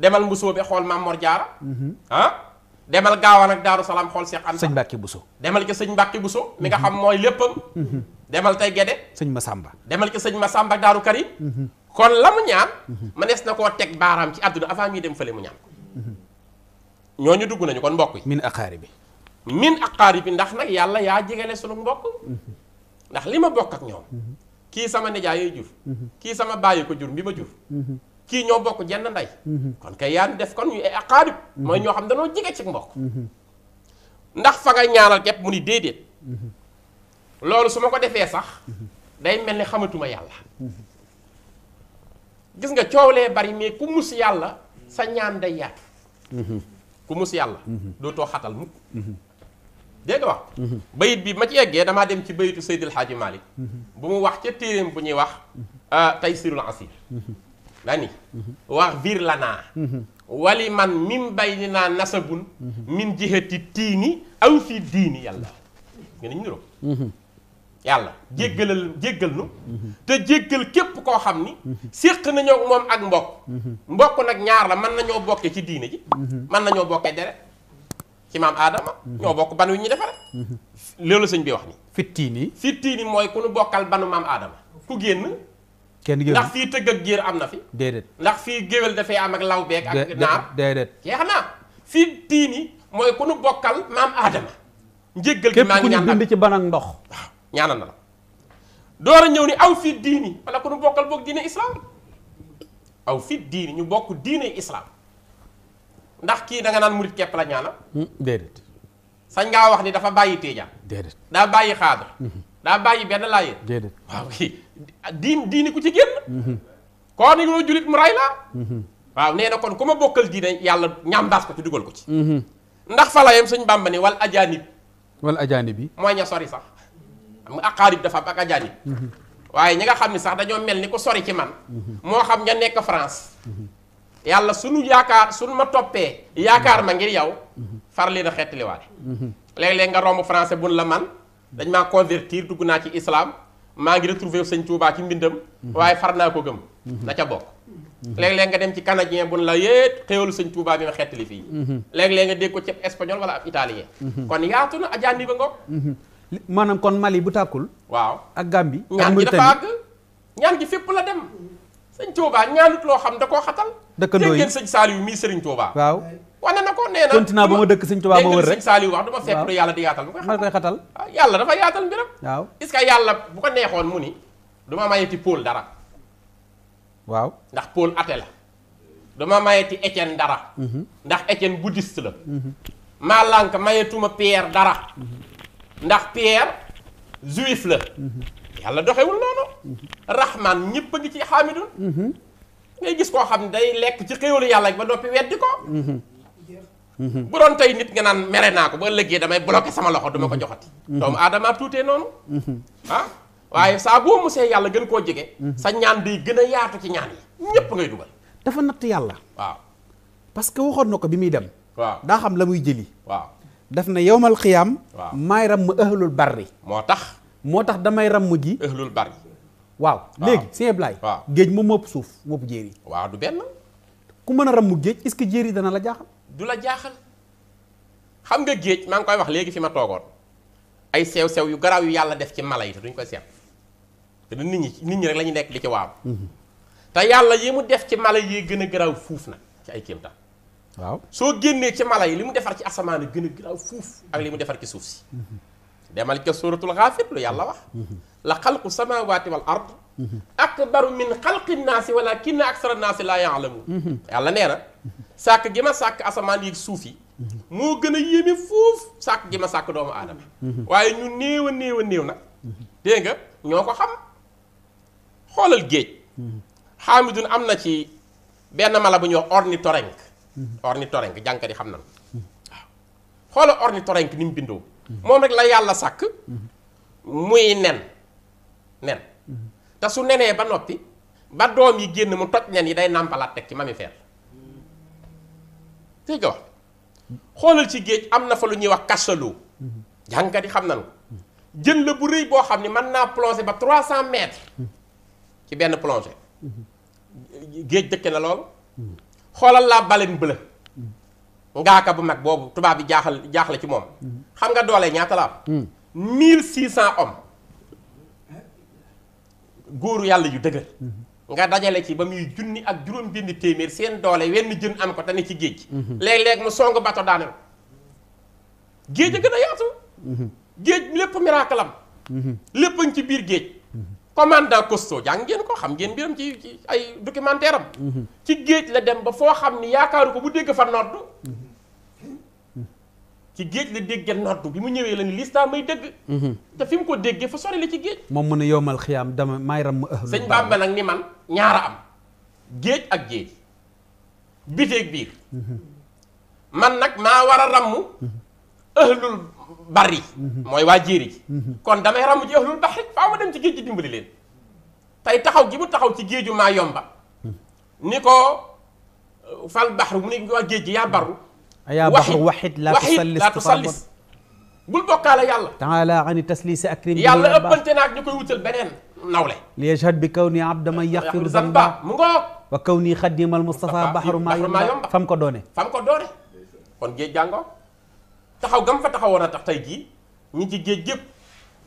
demal Mbusoo bi xool Mamor Jaara ah? demal Gaawaan ak Daaru Salaam xool Cheikh Anta. sëñ Mbàkke Buso demal ci sëñ Mbàkke Buso mi nga xam mooy léppam. demal tey Gede. sëñ ma Masamba. demal ci sëñ ma ak Daaru kari kon la mu ñaan mënees na koo teg baaraam ci àdduna avant ñuy dem fële mu ñaan ko ñooñu dugg nañu kon mbokk yi miin aqaari bi min aqaari bi ndax nag yàlla yaa jegele sunu mbokk ndax li ma bokk ak ñoom kii sama nijaay yooyu jur kii sama bàyyi ko jur bi ma jur kii ñoo bokk jenn ndey kon kay yaa def kon ñu ay mooy ñoo xam dañoo jege ci mbokk ndax fa nga ñaanal képp mu ni déedéet loolu su ma ko defee sax day mel ni xamatuma yàlla gis nga coow lee bari mais ku mus yàlla sa ñaan day yaatu. Mhm. ku mus yàlla. Mhm. dootoo xatal mukk. Mhm. dégg wax. bayit bi ma ci eggee damaa dem ci bayitu Seydil Hadji Malick. bu mu wax ca téeréem bu ñuy wax. Euh, Taysirul Asir. dani wax vir lanaa wali man min baynina nasabun min jihati tiini aw fi diini yàlla ngeen ñu niróo yàlla jéggalal jéggal nu te jéggal képp koo xam ni séq nañoo moom ak mbokk mbokk nag ñaar la mën nañoo bokkee ci diine ji mën nañoo bokkee deret ci maam aadama ñoo bokk ban wi ñu defare loolu sëñ bi wax ni fittiini fittiini mooy ku nu bokkal banu maam aadama ku génn kenn géwél ndax fii tëgg ak géer am na fi déedéet ndax fii géwél dafay am ak law beeg ak naar déedéet jeex naa fittiini mooy ku nu bokkal maam aadama njéggal gi maa ñu bind ci ban ak ndox ñaanal na la door a ñëw ni aw fi diini wala ko nu bokkal bokk diine islam aw fi diini ñu bokk diine islam ndax kii da naan murit kepp la ñaanal. Hmm, déedéet. sañ ngaa wax ni dafa bàyyi Tijaan. déedéet daa bàyyi xaadar. Hmm. daa bàyyi benn laayeen. déedéet waaw diin diini ku ci génn. koo ni loo julit mu ray la hmm. waaw nee na kon ku ma bokkal diine yàlla ñambaas ko ci dugal ko ci. ndax fa la yem sëñ Bàmba ni wal ajaanib. wal ajaanib bi mooy ña sori sax. am aqaarib dafa am ak ajaanib waaye ñi nga xam ne sax dañoo mel ni ko sori ci man moo xam nga nekk France yàlla sunu yaakaar sunu ma toppee yaakaar ma ngir yow far leen a xettaliwaale léeg-léeg nga romb bu bun la man dañ maa convertir dugg naa ci islaam maa ngi retrouvé sëñ Tuubaa ci mbindam waaye far naa ko gëm na ca bokk léeg-léeg nga dem ci bu nu la yéet xéewalu sëñ Tuubaa bi ma xettali fii léeg-léeg nga dégg ko ci espagnol wala ab italien kon ba ngoog maanaam kon Mali bu tàkkul. waaw ak Gambie. ñaan gi dafa àgg ñaan gi fépp la dem. sëñ Touba ñaanut loo xam da koo xatal. dëkkandoo yi dégg ngeen sëñ Saliou mii sëriñ Touba. waaw wane na koo nee na continent ma dëkk sëñ Touba ma wër rek sëñ wax du ma fekk lu di yaatal. ma koy xatal ah, yàlla dafa yaatal mbiram. waaw est-ce que yàlla bu ko neexoon mu ni du ma mayeti Paul dara. ndax Paul athée la. duma mayeti dara. Mhm. ndax Étienne bouddhiste la. Mhm. maa lànk mayetuma Pierre dara. Mhm. ndax Pierre juif la mhm. yàlla doxewul noonu mhm. rahman ñëpp a ngi ci xaamidun mhm. ngay gis koo xam ne day lekk ci xéewalu yàlla ba noppi weddi ko bu doon tey nit nga naan mere naa ko ba ëllëgee damay bloqué sama loxo duma ko joxati doomu aadama tuutee noonu ah? waaye saa boo musee yàlla gën koo jege sa ñaan day gën a yaatu ci ñaan yi ñépp ngay dugal dafa natt yàlla waaw parce que waxoon na ko bi muy dem waaw daa xam la muy jëli daf na yowmal xiyaam. waaw maay ram mu ëhlul barri. moo tax. moo tax damay ram mu ji. ëhlul bari waaw léegi sëñ Ablaye. waaw géej moom mopp suuf mopp yi waaw du benn. ku mën a ram mu géej est-ce que jéeri dana la jaaxal. du la jaaxal. xam nga géej maa ngi koy wax léegi fi ma toogoon ay sew sew yu garaaw yu yàlla def ci mala yi te duñ ko seet te nit ñi nit ñi rek la ñu nekk di ci waaw. Mhm. te yàlla yi mu def ci mala yi gën a garaaw fuuf na ci ay kéemtaan. waaw soo génnee ci mala yi li mu defar ci asamaan yi gën a garaaw fuuf ak li mu defar ci suuf si demal ca suratul xaafir lu yàlla wax la xalqu samawati wal ard akbaru min xalqi naasi walakinna aksara naasi laa yaalamuun yàlla nee na sàkk gi ma sàkk asamaan yi suuf yi moo gën a yéeme fuuf sàkk gi ma sàkk doomu aadama waaye ñu néew a néew a nag dégg ñoo ko xam xoolal géej xaamidun am na ci benn mala bu ñuy wax Mm-hmm. ornithorynque jànkat yi xam nan mm-hmm. waaw xoola ornithorynque ni mu bindoo mm-hmm. moom rek la yàlla sàkk muy nen nen te su nenee ba noppi ba doom yi génn mu toj nen yi day nàmpalaat teg ma mammifère tey nga wax xoolal ci géej am na fa lu ñuy wax cachalot jànkat yi xam nan ko jën la bu rëy boo xam ne mën naa plonger ba trois 300 mètres ci benn plongée géej dëkke na loolu xoolal laa baleine bleue ngaaka bu mag boobu tubaab bi jaaxal jaaxle ci moom mm-hmm. xam nga doole ñaata la am mm. mille six góoru yàlla yu dëgër mm-hmm. nga dajale ci ba muy junni ak juróom benn téeméer seen doole wenn jën am ko te ci géej mm-hmm. léeg-léeg mu song bato daane géej a gën a yaatu géej lépp miracle am lépp a ci biir géej commandant costaud jàng ngeen koo xam ngeen mbiram ci ci ay documentaire am mhm. ci géej la dem ba foo xam ni yaakaaru ko bu dégg fa nodd mhm. ci géej la déggee nodd bi mu ñëwee la ni may dëgg mhm. te fi ko déggee fa sori la ci géej moom mën a yowmal xiyaam dama may ram ma ëhlu sëñ Bàmba nag ni man ñaara am géej ak géej biteeg man nag maa war a ramm ëhlul bari mhm. mooy waa jéeri ji mhm. kon damay ramu ji ahlul baxri faaw ma dem ci géej gi dimbali tey taxaw gi mu taxaw ci géeju maa yomba mhm. ni ko euh, fal baxru mu ne waa géej gi yaa barru yaa baxru waxit laa tusallis bul bokkaale yàlla taala ani taslisi akrim yàlla ëppante naag ñu koy wutal nawle li yashhad bi kaw ni abda man yaxfiru zanba mu ngoog wa kaw ni xadimal mustafa baxru maa yomba fam ko doone fam ko doone kon géej jàngoo taxaw gam fa taxawoon a tax tey jii ñi ci géej gépp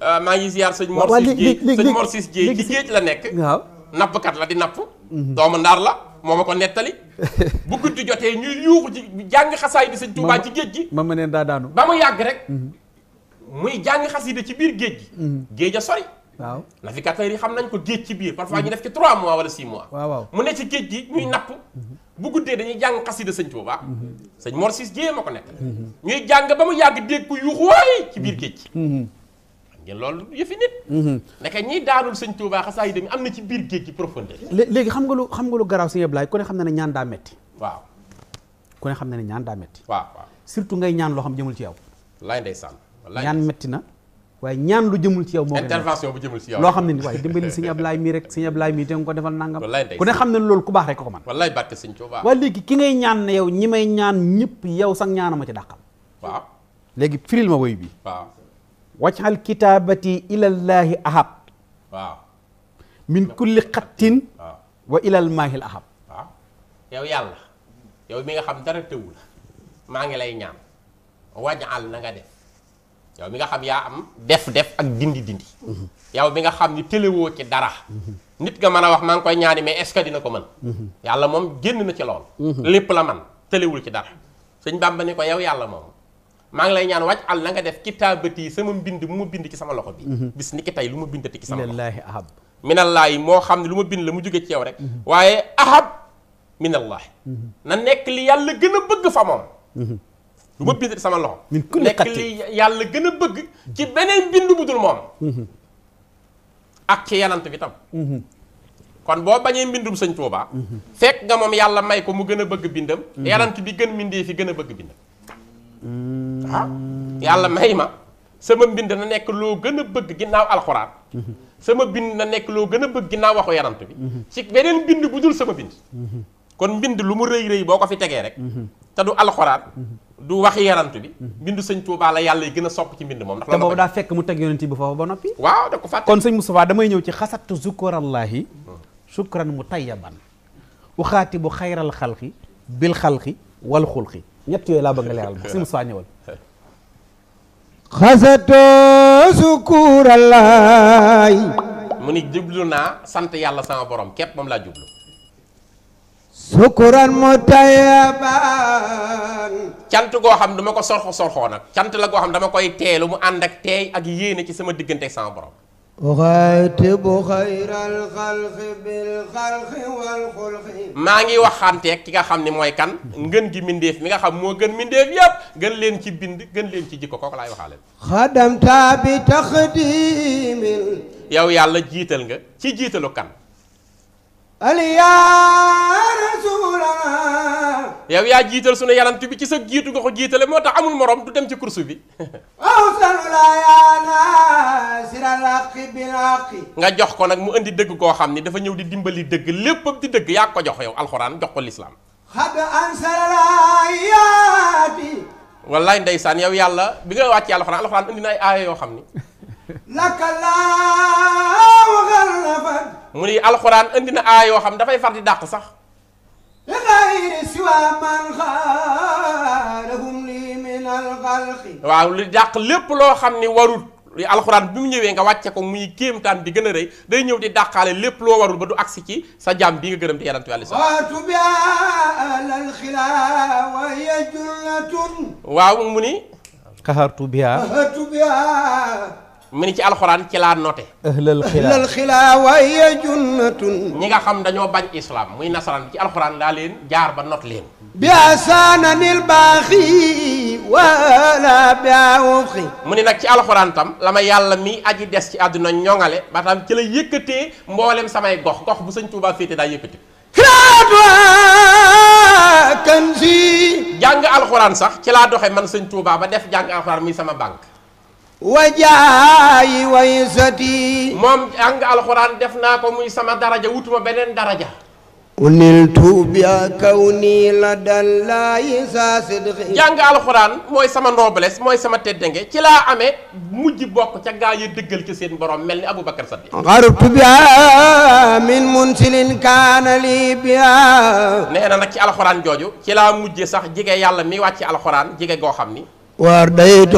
euh, maa ngi ziar sëñ Mor Sis Jéey sëñ Mor Sis Jéey ci géej la nekk waaw nappkat la di napp mhm. doomu ndaar la moo ma ko nettali bu guddi jotee ñuy yuuxu ci jàng xasaay bi sëñ Tuubaa ci géej gi ma ma neen daa daanu ba mu yàgg rek mhm. muy jàng yi de ci biir géej gi mhm. géej a sori waaw navigateurs yi xam nañ ko géej ci biir parfois ñu def ci 3 mois wala 6 mois waaw waaw mu ne ci géej gi muy napp bu guddee dañuy jàng xasida sëñ Tuuba mhm. sëñ Mor Sis Jéey ma ko nekk ñuy jàng ba mu yàgg dégg ko yuuxu waay ci biir géej gi mhm. xam ngeen loolu yëfi nit mhm. ndeke ñiy daanul sëñ Tuuba xasaay dem am na ci biir géej gi profondeur léegi xam nga lu xam nga lu garaaw sëñ Ablaay ku ne xam na ñaan daa metti waaw ku ne xam na ne ñaan daa metti waaw waaw surtout ngay ñaan loo xam jëmul ci yow laay ndeysaan ñaan metti na waaye ñaan lu jëmul ci yow. moo intervention bu jëmul ci yow loo xam ne ni waaye dimbali sëñ Ablaay mi rek sëñ Ablaay mi te nga ko defal nangam. ku ne xam ne loolu ku baax rek ko man wallaay barke sëñ Tuubaa waaye léegi ki ngay ñaan ne yow ñi may ñaan ñëpp yow sax ñaanama ci dàqal waaw léegi firil ma woy bi waaw wajal kitaabati ilallaahi ahab waaw min kulli xattin wa ilal maahil ahab waaw yow yàlla yow mi nga xam dara tëwu la maa ngi lay ñaan wajal na yow mi nga xam yaa am def-def ak dindi-dindi. yow bi nga xam ni téléwoo ci dara. nit nga mën a wax maa ngi koy ñaani mais est-ce dina ko mën. yàlla moom génn na ci lool lépp la man téléwul ci dara. sëñ Bàmba ni ko yow yàlla moom maa ngi lay ñaan wàcc àll na nga def kitaabati sama mbind mu ma bind ci sama loxo bi. bis ni ki tey lu ma bindati ci sama loxo. minallaahi ahab minallaahi moo xam ne lu ma bind la mu jóge ci yow rek. waaye ahab minallaahi na nekk li yàlla gën a bëgg fa du ma bindati sama loxo. min ku nekk li yàlla gën a bëgg. ci beneen bind bu dul moom. Mm-hmm. ak ci yanant bi tam. Mm-hmm. kon boo bañee mbindum sëñ Tuuba. Mm-hmm. fekk nga moom yàlla may ko mu gën a bëgg bindam. yanant bi gën mbindee fi gën a bëgg bindam. ah yàlla may ma sama mbind na nekk loo gën a bëgg ginnaaw alxuraan. sama bind na nekk loo gën a bëgg ginnaaw waxu yanant bi. ci beneen bind bu dul sama bind. kon mbind lu mu rëy rëy boo ko fi tegee rek. te du alxuraan. du wax yarantu bi mbindu sëñ Touba la yàlla yi gën a sopp ci mbind moom ndax te boobu daa fekk mu teg yonent bi foofu ba noppi waaw da ko fàtte kon sëñ Moustapha damay ñëw ci xasattu zukurallahi shukran mu tayyaban uxaati bu xayral xalqi bil xalqi wal xulqi ñett yooyu laa bëgg nga leeral ma sëñ Moustapha ñëwal xasattu zukurallahi mu jublu naa sant yàlla sama borom képp moom laa jublu sukuran mutayaban cant goo xam duma ko sorxo sorxoo nag cant la goo xam dama koy teelu mu ànd ak teey ak yéene ci sama diggante sama borom uxaatibu xayral xalqi maa ngi waxanteeg ki nga xam ne mooy kan ngën gi mindeef mi nga xam moo gën mindeef yépp gën leen ci bind gën leen ci jikko kooku laay waxaale xadamta bi taxdimil yow yàlla jiital nga ci jiitalu kan yow yaa jiital sunu yanant bi ci sa jiitu nga ko jiitale moo tax amul moroom du dem ci kursu bi nga jox ko nag mu indi dëgg koo xam ni dafa ñëw di dimbali dëgg léppam di dëgg yaa ko jox yow alxuraan jox ko lislaam wallaay ndeysaan yow yàlla bi nga wàcc alxuraan alxuraan indi na ay aaya yoo xam ni mu ni alxuraan indi na aay yoo xam dafay far di dàq sax. waaw li dàq lépp loo xam ni warut alxuraan bi mu ñëwee nga wàcce ko muy kéemtaan bi gën a rëy day ñëw di dàqaale lépp loo warul ba du agsi ci sa jaam bi nga gërëm di yarantu yàlla waaw mu ni. xaxartu biha mu ni ci alxuraan ci laa noté ahlal xilaa waaye junnatun ñi nga xam dañoo bañ islaam muy nasaraan ci alxuraan laa leen jaar ba not leen bi asaananil ni nag ci alxuraan tam la ma yàlla mi aji des ci àdduna ñoŋale ba tam ci la yëkkatee mboolem samay gox gox bu sëñ Tuubaa féete daa yëkkati jàng alxuraan sax ci laa doxe man sëñ Tuubaa ba def jàng alxuraan muy sama banque wajaayi waysati moom jàng alxuraan def naa ko muy sama daraja wutuma beneen daraja unil tuubia kaw nii la dallaayi saa sidqi jàng alxuraan mooy sama noblesse mooy sama teddange ci laa amee mujj bokk ca gaa yi dëggal ci seen borom mel ni Aboubacar Saddiq xartu bia min munsilin kaana lii nee na nag ci alxuraan jooju ci laa mujje sax jige yàlla mi wàcc alxuraan jige goo xam ni وأرضيت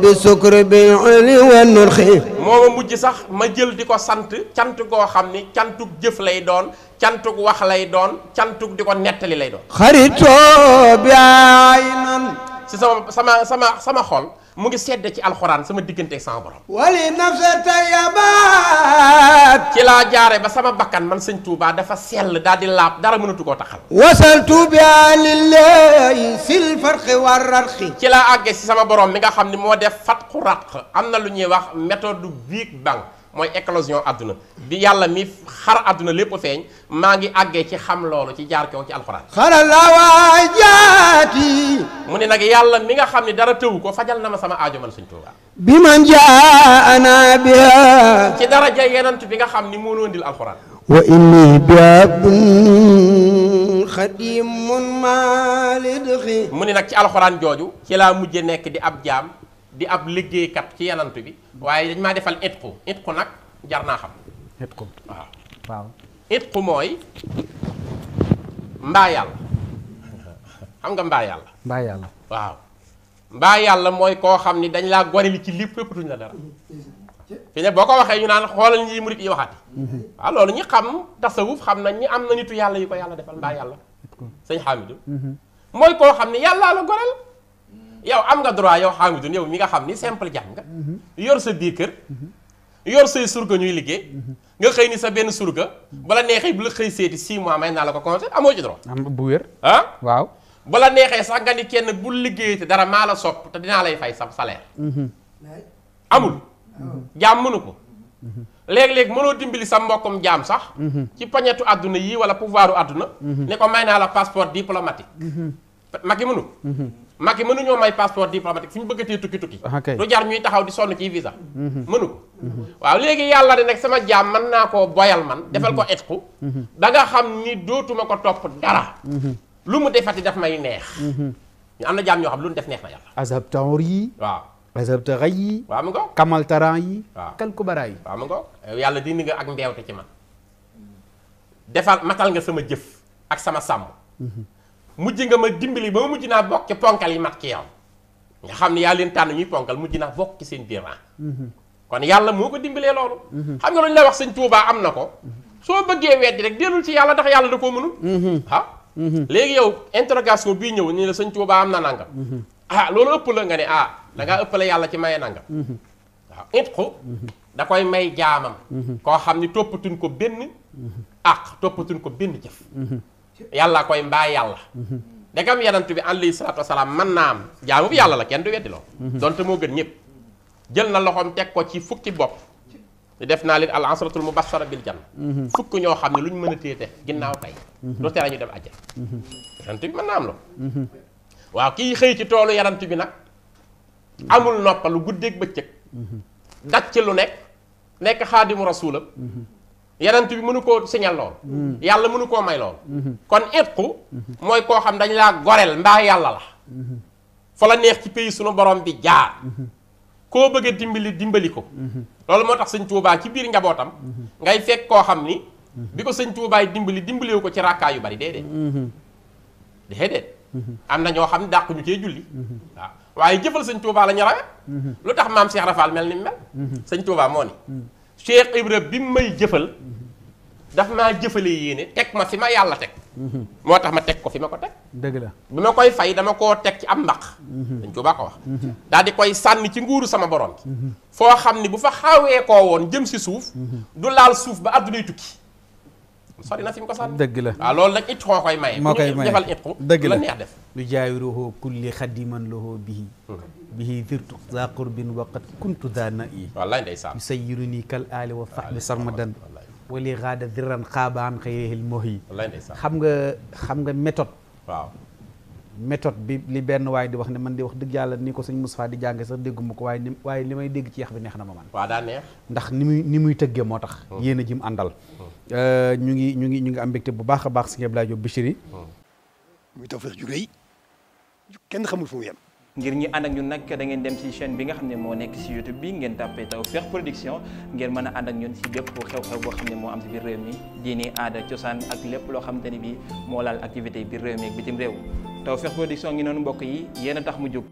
بسكر بالعلي والنرخ moo ma mujj sax ma jël di ko sant cant goo xam ni cantug jëf lay doon cantug wax lay doon cantug di ko nettali lay doon xaritoo bi ay nan si sama sama sama sama xol mu ngi sedd ci alxuraan sama diggante ak sama borom. wali nafsa tayyabaat. ci laa jaare ba sama bakkan man sëñ tuubaa dafa sell daal di laab dara mënatu koo taxal. wasaltu bi lillahi fil farqi wa raqi. ci laa àggee si sama borom mi nga xam ni moo def fatxu raq am na lu ñuy wax méthode biig bang. mooy éclosion àdduna bi yàlla mi xar àdduna lépp feeñ maa ngi àggee ci xam loolu ci jaar kaw ci alxuraan xara lawaa mu ne nag yàlla mi nga xam ne dara tëwu ko fajal na ma sama aajo man suñ tuuba bi man jaana bi ci daraja yenant bi nga xam ni moo noondil alxuraan wa inni bi abdun xadimun maalidxi mu ne nag ci alxuraan jooju ci laa mujje nekk di ab jaam di ab liggéeykat ci yanant bi waaye dañ maa defal itqu itqu nag jar naa xam itqu waaw waaw itqu mooy mbaa yàlla xam nga mbaa yàlla mbaa yàlla waaw mbaa yàlla mooy koo xam ni dañ laa goreli ci lépp fépp tuñ la dara fi ne boo ko waxee ñu naan xoolal ñi murit yi waxaat waaw loolu ñi xam tasawuf xam nañ ñi am na nitu yàlla yu ko yàlla defal mbaa yàlla sëñ Hamidou mhm. mooy koo xam ne yàllaa la gorel yow am nga droit yow Hamidou yow mi nga xam ni semple jàng nga. yor sa biir kër. yor say surga ñuy liggéey. nga xëy ni sa benn surga. la neexee bu la xëy seeti 6 mois may naa la ko compter amoo ci bu wér. ah waaw. bala neexee sax nga ni kenn bu liggéey dara maa la sopp te dinaa lay fay sa salaire. amul. jaam mënu ko. léeg-léeg mënoo dimbali sa mbokkum jaam sax. ci pañetu àdduna yi wala pouvoiru àdduna. Mhm. ne ko may naa la passeport diplomatique. Macky mënu. Macky mënuñoo may passeport diplomatique fu ñu bëggatee tukki tukki du jar ñuy taxaw di sonn ci visa mhm. mënu ko mhm. waaw léegi yàlla de nag sama jaam man naa koo boyal man defal ko mhm. etku da nga xam ni dootuma ko topp dara lu mu defati daf may neex ñu am na jaam ñoo xam lu ñu def neex na yàlla azab taor yi waaw azab taray yi waaw mu ngo kamal taran yi waaw kal kubara yi waaw mu ngo eh, yàlla dindi nga ak mbeewte ci man defal matal nga sama jëf ak sama sàmm mujj nga ma dimbali ba ma mujj naa bokk ci ponkal yi mag ci yow nga xam ne yaa leen tànn ñuy ponkal mujj naa bokk ci seen biir kon yàlla moo ko dimbalee loolu xam nga lu ñu la wax sëñ Tuubaa am na ko soo bëggee weddi rek dellul ci yàlla ndax yàlla da koo mënul léegi yow interrogation bii ñëw ni la sëñ Tuubaa am na nangam ah loolu ëpp la nga ne ah da ngaa ëppale yàlla ci maye nangam waaw it ko da koy may jaamam koo xam ni toppatuñ ko benn àq toppatuñ ko benn jëf yàlla koy mbaa yàlla ndegam yanantu bi alayhi salaatu wasalaam man naa am jaamu bi yàlla la kenn du weddi loo donte moo gën ñëpp jël na loxoom teg ko ci fukki bopp di def naa leen al ansaratul mubashara bil janna fukk ñoo xam ne lu ñu mën a téete ginnaaw tey du tere ñu dem àjjana yanantu bi mën naa am loolu waaw kii xëy ci toolu yanantu bi nag amul noppalu guddeeg bëccëg daj ci lu nekk nekk xaadimu rasuulam yonent bi mënu koo signal lool. Mm-hmm. yàlla mënu koo may lool. Mm-hmm. kon itqu mm-hmm. mooy koo xam dañ laa goreel mbaa yàlla la. fa la neex ci pays sunu borom bi jaar. koo bëgg dimbali dimbali ko. loolu moo tax sëñ Tuubaa ci biir njabootam. ngay fekk koo xam ni. bi ko sëñ Tuubaay dimbali dimbaliwu ko ci rakkaa yu bari déedéet. déedéet. am na ñoo xam ne dàq ñu cee julli. waaw waaye jëfal sëñ Tuubaa la ñu lu tax maam Cheikh Rafaal mel ni mu mel. sëñ Tuubaa moo ni. Cheikh Ibra bi mu may jëfal daf maa jëfale yéene teg ma fi ma yàlla teg moo tax ma teg ko fi ma ko teg dëgg la bi ma koy fay dama koo teg ci am mbaq dañ ko baa ko wax daal di koy sànni ci nguuru sama borom foo xam ni bu fa xawee koo woon jëm si suuf du laal suuf ba àddunay tukki sori na fi mu dëgg la waaw loolu nag it xoo koy maye moo koy maye defal it xu dëgg la neex def lu jaawiruhoo kulli xadiman lahoo bihi bihi virtu za qurbin waqat kuntu daana i wallaay ndeysaan yusayiru nii kal aali wa fahbi sarmadan wali xaada dirran xaabaan xayrihil mohi wallaay ndeysaan xam nga xam nga méthode waaw bi li benn waaye di wax ne man di wax dëgg yàlla ni ko sëñ Moustapha di jànge sax dégguma ko waaye ni li may dégg ci yax bi neex na ma man waaw daa neex ndax ni muy ni muy tëggee moo tax hmm. yéen a ji àndal Euh, ñu ngi ñu ngi ñu ngi am mbégte bu baax a baax sëñ Abdoulaye Diop Bichri muy tawfeex ju rëy kenn xamul fu mu yem ngir ñi ànd ak ñun nag da ngeen dem ci chaîne bi nga xam ne moo nekk ci YouTube bi ngeen tàppee Tawfekh Production ngeen mën a ànd ak ñun ci bépp xew-xew boo xam ne moo am ci biir réew mi diini aada cosaan ak lépp loo xamante ni bi moo laal activité biir réew mi ak bitim réew Tawfekh Production ngi noonu mbokk yi yéen tax mu jóg